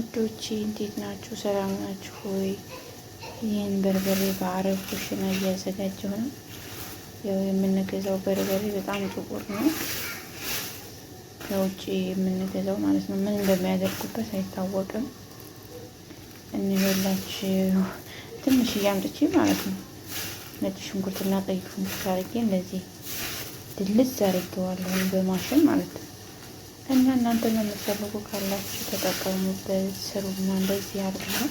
ውዶች እንዴት ናችሁ? ሰላም ናችሁ ሆይ? ይህን በርበሬ በአረብ ኩሽና እያዘጋጀሁ ነው። ያው የምንገዛው በርበሬ በጣም ጥቁር ነው፣ ከውጭ የምንገዛው ማለት ነው። ምን እንደሚያደርጉበት አይታወቅም። እንበላችሁ ትንሽ እያምጥቼ ማለት ነው። ነጭ ሽንኩርትና ቀይ ሽንኩርት አድርጌ እንደዚህ ድልዝ አድርጌዋለሁ በማሽን ማለት ነው። እና እናንተ የምትፈልጉ ካላችሁ ተጠቀሙበት፣ ስሩና እንደዚህ ነው።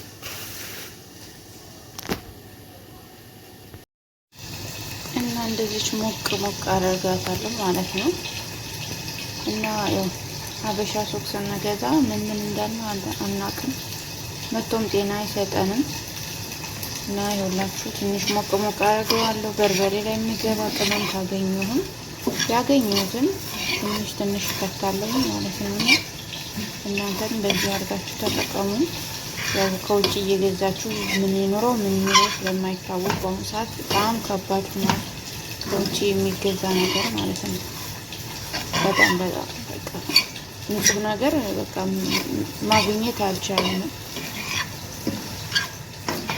እና እንደዚች ሞቅ ሞቅ አደርጋታለሁ ማለት ነው። እና ያው ሀበሻ ሱቅ ስንገዛ ምን ምን እንዳለ አናቅም፣ መቶም ጤና አይሰጠንም። እና ይኸውላችሁ ትንሽ ሞቅ ሞቅ አደርገዋለሁ። በርበሬ ላይ የሚገባ ቅመም ካገኘሁም ያገኘሁትን ትንሽ ትንሽ ከታለሁ ማለት ነው። እናንተም በዚህ አድርጋችሁ ተጠቀሙ። ያው ከውጭ እየገዛችሁ ምን ይኖረው ምን ይኖረው ስለማይታወቅ በአሁኑ ሰዓት በጣም ከባድ ሆኗል። ከውጭ የሚገዛ ነገር ማለት ነው። በጣም በጣም በቃ ንጹህ ነገር በቃ ማግኘት አልቻለም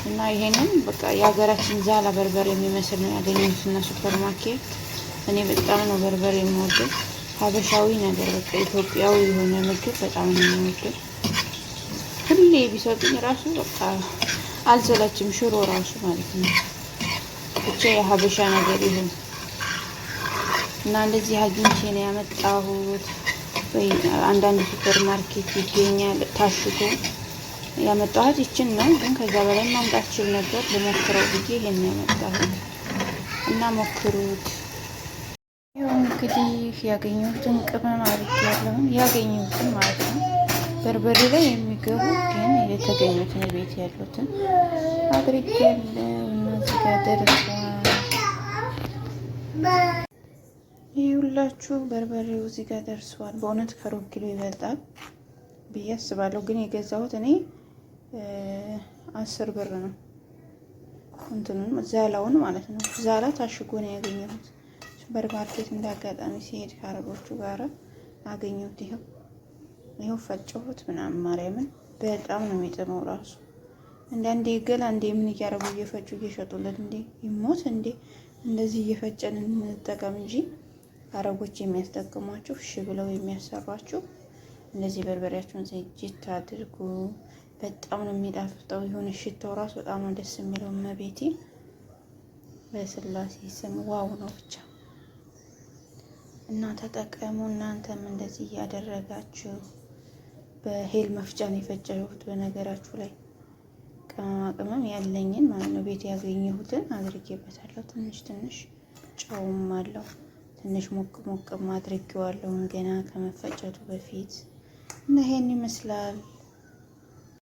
እና ይሄንን በቃ የሀገራችን ዛላ በርበሬ የሚመስል ነው ያገኘሁት እና ሱፐር ማርኬት እኔ በጣም ነው በርበሬ የምወደው። ሀበሻዊ ነገር በቃ ኢትዮጵያዊ የሆነ ምግብ በጣም ነው የምወደው። ሁሌ ቢሰጡኝ ራሱ በቃ አልሰለችም። ሽሮ ራሱ ማለት ነው ብቻ የሀበሻ ነገር ይሁን እና እንደዚህ አግኝቼ ነው ያመጣሁት። አንዳንድ ሱፐር ማርኬት ይገኛል ታሽጎ ያመጣሁት ይችን ነው። ግን ከዛ በላይ ማምጣት ችል ነበር። ልሞክረው ብዬ ይሄን ያመጣሁት እና ሞክሩት። እንግዲህ ያገኘሁትን ቅመም አሪፍ ያለሁን ያገኘሁትን ማለት ነው። በርበሬ ላይ የሚገቡ ግን የተገኙትን ቤት ያሉትን አድርጌ እነዚህ ጋር ደርሰዋል። ይህ ሁላችሁ በርበሬው እዚህ ጋር ደርሷል በእውነት ከሩብ ኪሎ ይበልጣል ብዬ አስባለሁ። ግን የገዛሁት እኔ አስር ብር ነው። እንትኑን ዛላውን ማለት ነው። ዛላ ታሽጎ ነው ያገኘሁት። በር ማርኬት እንዳጋጣሚ ሲሄድ ከአረቦቹ ጋር አገኘሁት። ይኸው ይኸው ፈጨሁት ምናምን ማርያምን በጣም ነው የሚጥመው ራሱ አንዳንዴ ገላ እንዴ ምን እያረጉ እየፈጩ እየሸጡለት እንዴ ይሞት እንዴ እንደዚህ እየፈጨን እንጠቀም እንጂ አረቦች የሚያስጠቅሟችሁ እሺ ብለው የሚያሰሯችሁ እንደዚህ በርበሬያችሁን ዝግጅት አድርጉ። በጣም ነው የሚጣፍጠው። የሆነ ሽታው ራሱ በጣም ነው ደስ የሚለው። መቤቴ በስላሴ ስም ዋው ነው ብቻ እና ተጠቀሙ። እናንተም እንደዚህ እያደረጋችሁ በሄል መፍጫን የፈጨሁት በነገራችሁ ላይ ቅመማ ቅመም ያለኝን ማለት ነው ቤት ያገኘሁትን አድርጌበታለሁ። ትንሽ ትንሽ ጨውም አለው ትንሽ ሞቅ ሞቅም አድርጌዋለሁን ገና ከመፈጨቱ በፊት እና ይሄን ይመስላል።